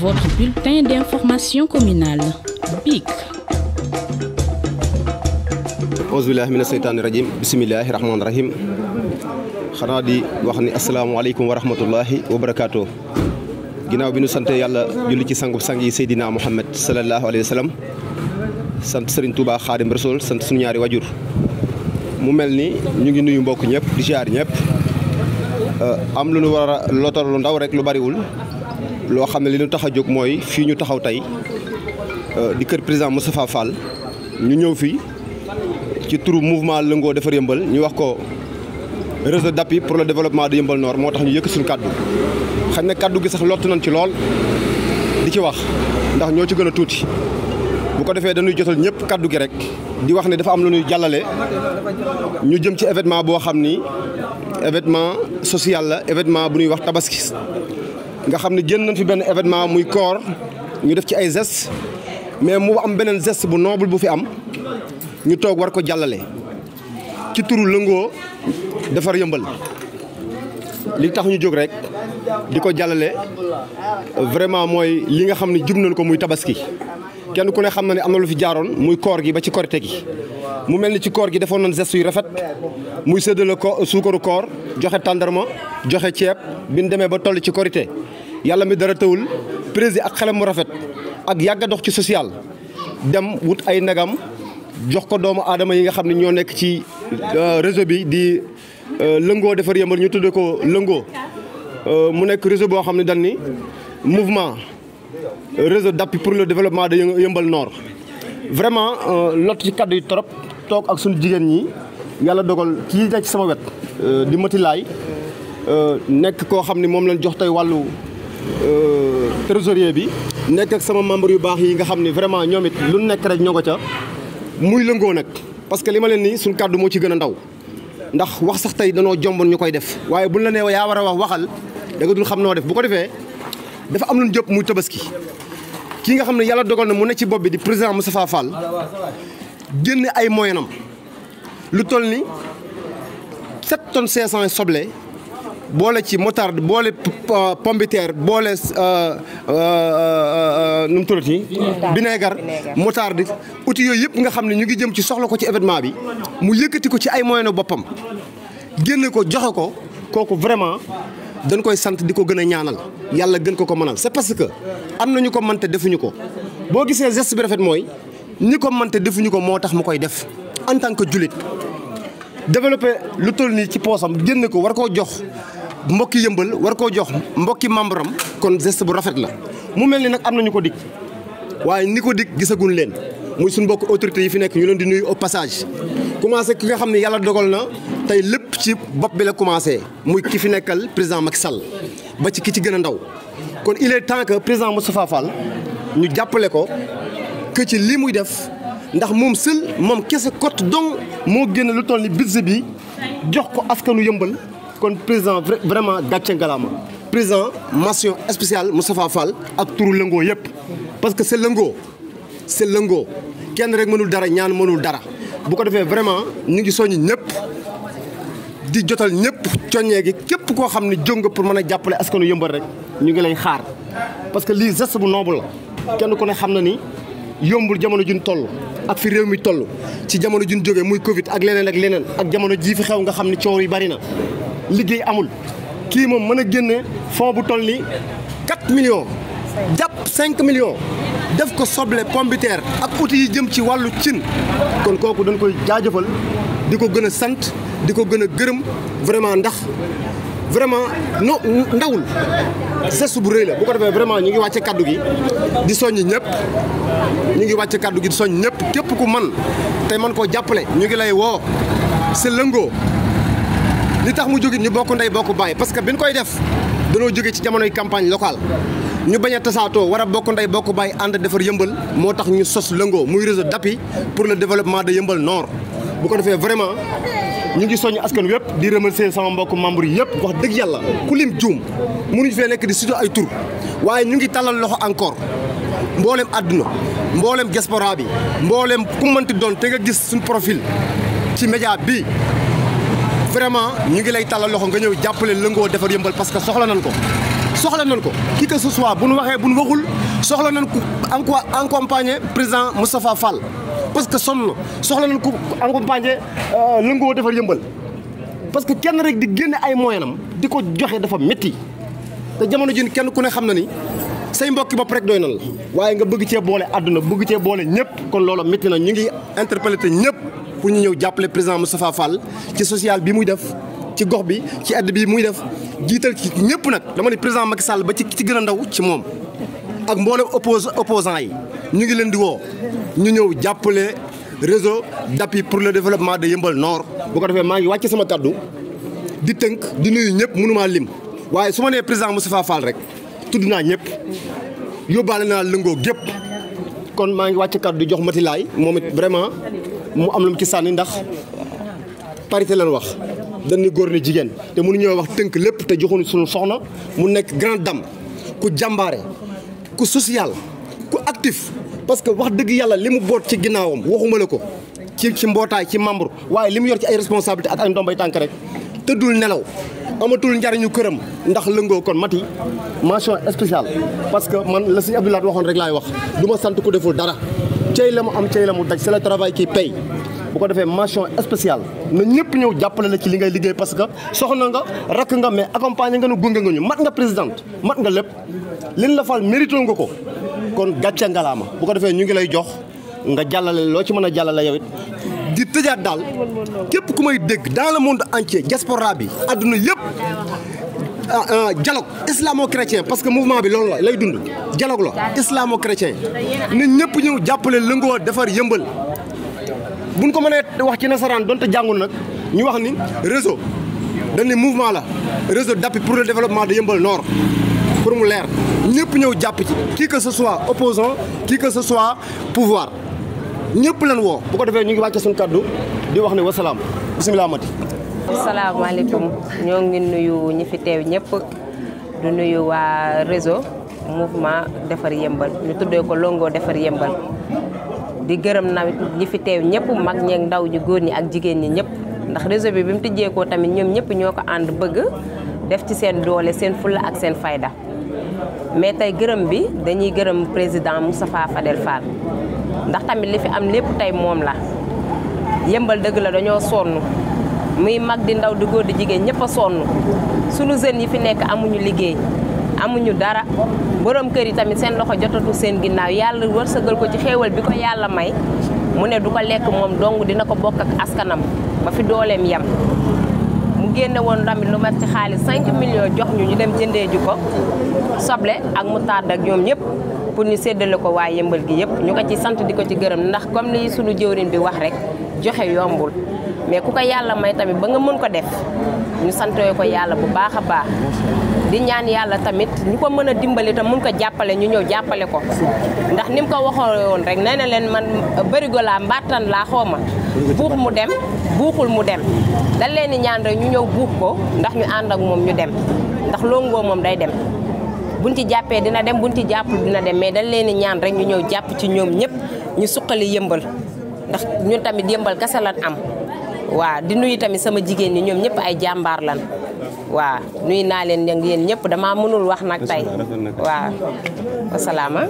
Votre bulletin d'information communale, BIC. auzubillahi mina seytaani rajim bisimilahi rahim di wax ni alaikum wa rahmatullahi wa barakatuh. ginnaaw bi sante yalla yàlla julli ci sangu sang yi Seydina Muhammad sallallahu alayhi wa sallam sant Serigne Touba Khadim Rasul sant suñu wajur mu mel ni ñu ngi nuyu mbokk ñëpp di ziar ñëpp euh, am lu nu war a lu ndaw rek lu bariwul. loo xam ne li ñu tax a jóg mooy fii ñu taxaw tey euh, di kër président Moustapha Fall ñu ñëw fii ci turu mouvement lëngoo defar yëmbal ñu wax ko réseau d'appui pour le développement de yëmbal Nord moo tax ñu yëkk suñu kàddu xam ne kàddu gi sax lott nañ ci lool di ci wax ndax ñoo ci gën a tuuti bu ko defee dañuy jotal ñëpp kàddu gi rek di wax ne dafa am lu ñuy jàllale ñu jëm ci événement boo xam ni événement social la événement bu nuy wax tabaski nga xam ne génn nañ fi benn événement muy koor ñu def ci ay gestes mais mu am beneen geste bu noble bu fi am ñu toog war ko jàllale ci turu lëngoo defar yëmbal li tax ñu jóg rek di ko jàllale vraiment mooy li nga xam ne jub nañ ko muy tabaski kenn ku ne xam na ne am na lu fi jaaroon muy koor gi ba ci korite gi mu mel ni ci koor gi defoon nañ geste yu rafet muy séddale ko suukaru koor joxe tandarma joxe ceeb bi démé ba tollu ci korité yalla mi dara tawul président ak xelam mu rafet ak yàgg dox ci social dem wut ay nagam jox ko doomu adama yi nga xamni ño nek ci euh, réseau bi di euh, lëngoo defar yëmbal ñu tuddee ko lëngoo euh, mu nek réseau bo xamni dal ni mouvement réseau d'appui pour le développement de yembal nord vraiment lot ci cadre yi trop toog ak suñu jigen ñi yàlla dogal kii nekk ci sama wet euh, di Mati Laay euh, nekk koo xam ni moom lañ jox tey wàllu euh, trésorier bi nekk ak sama membre yu baax yi nga xam ne vraiment ñoom it lu nekk rek ñoo ko ca muy lëngoo nag parce que li ma leen nii suñ kàddu moo ci gën a ndaw ndax wax sax tey danoo jomboon ñu koy def waaye buñ la nee yaa war a wax waxal da nga dul xam noo def bu ko defee dafa am lu jëpp muy tabaski kii nga xam ne yàlla dogal na mu ne ci bopp bi di président Moustapha Fall génn ay moyenam lu toll ni 7 tonnes 500 soble bolé ci motard bolé moutarde boole pombiteer euh euh, euh num tuddati vinaigre motard outil yooyu yëpp nga xamni ñu ngi jëm ci soxla ko ci événement bi mu yëkëti ko ci ay moyens bopam génne ko joxe ko kooku vraiment dañ koy sante diko gëna ñaanal yalla gën ko ko manal c'est parce que amna ñu ko manté defuñu ko bo gisee geste bi rafet moy ñi ko mënte defuñu ko moo mu koy def en tant que jullit développer lu toll nii ci poosam génn ko war koo jox mbokki yëmbal war koo jox mbokki membre am kon gest bu rafet la mu mel ni nag am nañu ko dikk waaye ni ko dig gisaguñ leen muy suñu mbokk autorités yi fi nekk ñu leen di nuy au passage commencé ki nga xam ne yàlla dogal na tey lépp ci bopp bi la commencé muy ki fi nekkal président Macky sal ba ci ki ci gën a ndaw kon il est temps que président Moustapha Fall ñu jàppale ko que ci lii muy def ndax moom seul moom kese cote donc moo génn lu toll ni budget bi jox ko askanu yëmbal kon président vraiment gàcce ngalaama président mention spéciale Moustapha Fall ak turu lëngoo yëpp parce que c'est lëngoo c'est lëngoo kenn rek mënul dara ñaan mënul dara bu ko defee vraiment ñu ngi soññi ñëpp di jotal ñëpp coññee gi képp koo xam ne jóg pour mën a jàppale askanu yëmbal rek ñu ngi lay xaar parce que lii geste bu noble la kenn ku ne xam na ni yombul jamono juñ toll ak fi réew mi toll ci jamono juñ jóge muy Covid ak leneen ak leneen ak jamono jii fi xew nga xam ni coow yi bari na liggéey amul kii moom mën a génne fond bu toll ni 4 million jàpp cinq million def ko soble pombiteer ak outil yi jëm ci wàllu cin kon kooku dañ koy jaajëfal di ko gën a sant di ko gën a gërëm vraiment ndax vraiment no ndawul geste bu rëy la bu ko defee vraiment ñu ngi wàcce kàddu gi di soññ ñëpp ñu ngi wàcce kaddu gi di soññ képp ku man te man koo jàppale ñu ngi lay woo sa lëngoo li tax mu jógit ñu bokk ndey bokk bàyyi parce que bi ñu koy def danoo jóge ci jamonoy campagne locale ñu bañ a tasaatoo war a bokk ndey bokk bàyyi ànd defar yëmbal moo tax ñu sos lëngoo muy réseau d'appui pour le développement da yëmbal nord bu ko defee vraiment ñu ngi soññ askan di remercier sama mbokk membre yépp wax dëgg yàlla ku lim juum munu fee nekk di ay tur waaye ñu ngi loxo encore mboolem ku te nga gis profil ci média bi vraiment ñu ngi lay talal loxo nga ñëw jàppale lëngoo defar yëmbal parce que soxla nan ko soxla nan ko qui que ce soit bu nu waxee bu waxul soxla président Moustapha Fall parce que sonn soxla nañ ku accompagner euh, lëngoo defar yëmbal parce que kenn rek di génne ay moyenam di ko joxe dafa métti te jamono jii kenn ku ne xam na ni say mbokki bopp rek dooy na la waaye nga bëgg cee boole àdduna bëgg cee boole ñëpp kon loolu métti na ñu ngi interpellé te ñëpp pour ñu ñëw jàppale président Moustapha Fall ci social bi muy def ci gox bi ci àdd bi muy def jiital ci ñëpp nag dama ne président Macky Sall ba ci ci gën a ndaw ci moom ak mboolem oppos opposant yi ñu ngi leen di woo Nous avons jàppale réseau d'appui pour le développement de Yeumbeul Nord. bu ko defee dit ngi sama di suis di nuyu Vous avez lim waaye su ma président Moustapha Fall rek tudd naa ñëpp yóbbaale dit lëngoo gépp kon maa ngi wàcc kàddu jox Mati Laay vraiment mu am lu mu ci ndax parité lañ wax dañu góor ni jigéen te mënuñoo wax tënk lépp te joxuñu suñu soxna mu nekk grande dame ku ku social ku actif parce que wax dëgg yàlla li mu boot ci ginnaawam waxuma la ko ci ci mbootaay ci membre waaye li mu yor ci ay responsabilité ak ay ndombay tànk rek tëddul nelaw amatul njariñu këram ndax lëngoo kon mati mention spéciale parce que man la sëñ Abdoulaye waxoon rek laay wax du ma sant ku deful dara cey la mu am cey la mu daj c'est la travail kii paye bu ko defee mention spéciale na ñëpp ñëw jàppale la ci li ngay liggéey parce que soxna nga rakk nga mais accompagné nga nu gunge nga ñu mat nga présidente mat nga lépp lin la fal mérito nga ko kon gàcce ngalaama bu ko defé ñu ngi lay jox nga jallale lo ci mëna jallale jàllale yow it di tëjaat dal kep ku may dégg dans le monde entier diaspora bi aduna yëpp ah, ah, dialogue islamo-chrétien parce que mouvement bi lool lay dund dialogue lo islamo-chrétien nit ñëpp ñëw jàppale lëngoo defar yëmbal buñ ko mëne wax ci nasaraan donte jangul nak ñu wax ni réseau dañ ni mouvement la réseau d'appui pour le développement de yëmbal nord pour mu leer ñëpp ñëw jàpp ci qui que ce soit opposant qui que ce soit pouvoir ñëpp leen woo bu ko defee ñu ngi wàcce suñu kaddu di wax ne wasalaam bisimilah mati asalaamaaleykum ñoo ngi nuyu ñi fi teew ñëpp du nuyu waa réseau mouvement defar yëmbal ñu tuddee ko longoo defar yëmbal di gërëm na ñi fi teew ñëpp mag ñeeg ndaw ñi góor ñi ak jigéen ñi ñëpp ndax réseau bi bi mu tijjeekoo tamit ñoom ñëpp ñoo ko bëgg def ci seen doole seen fulla ak seen fayda mais tey gërëm bi dañuy gërëm président Moustapha Fadel Fall ndax tamit li fi am lépp tey moom la yëmbal dëgg la dañoo sonn muy mag di ndaw di góor di jigéen ñëpp a sonn sunu jeunes yi fi nekk amuñu liggéey amuñu dara borom kër yi tamit seen loxo jotatul seen ginnaaw yàlla wërsëgal ko ci xéewal bi ko yàlla may mu ne du ko lekk moom dong dina ko bokk ak askanam ba fi dooleem yem génne woon tamit lu mat ci xaalis 5 millions jox ñu ñu dem jëndee ji ko soble ak moutarde ak ñoom ñëpp pour ñu séddale ko waa yëmbal gi yëpp ñu ko ci sant di ko ci gërëm ndax comme li suñu jëwriñ bi wax rek joxe yombul mais ku ko yàlla may tamit ba nga mën ko def ñu santoo ko yàlla bu baax a baax di ñaan yàlla tamit ñu ko mën a dimbali ta mun ko jàppale ñu ñëw jàppale ko ndax ni mu ko waxoon rek nee na leen man bërigo laa mbattan laa xooma buux mu dem buuxul mu dem dañ leen di ñaan rek ñu ñëw buux ko ndax ñu ànd ak moom ñu dem ndax loo ngoo moom day dem buñ ci jàppee dina dem buñ ci jàppul dina dem mais dañ leen di ñaan rek ñu ñëw jàpp ci ñoom ñëpp ñu suqali yëmbal ndax ñu tamit yëmbal kese lan am waa di nuyu tamit sama jigéen ñi ñoom ñëpp ay jàmbaar lan waa nuy naa leen yéen ñëpp dama mënul wax nag tey waaw wasalaama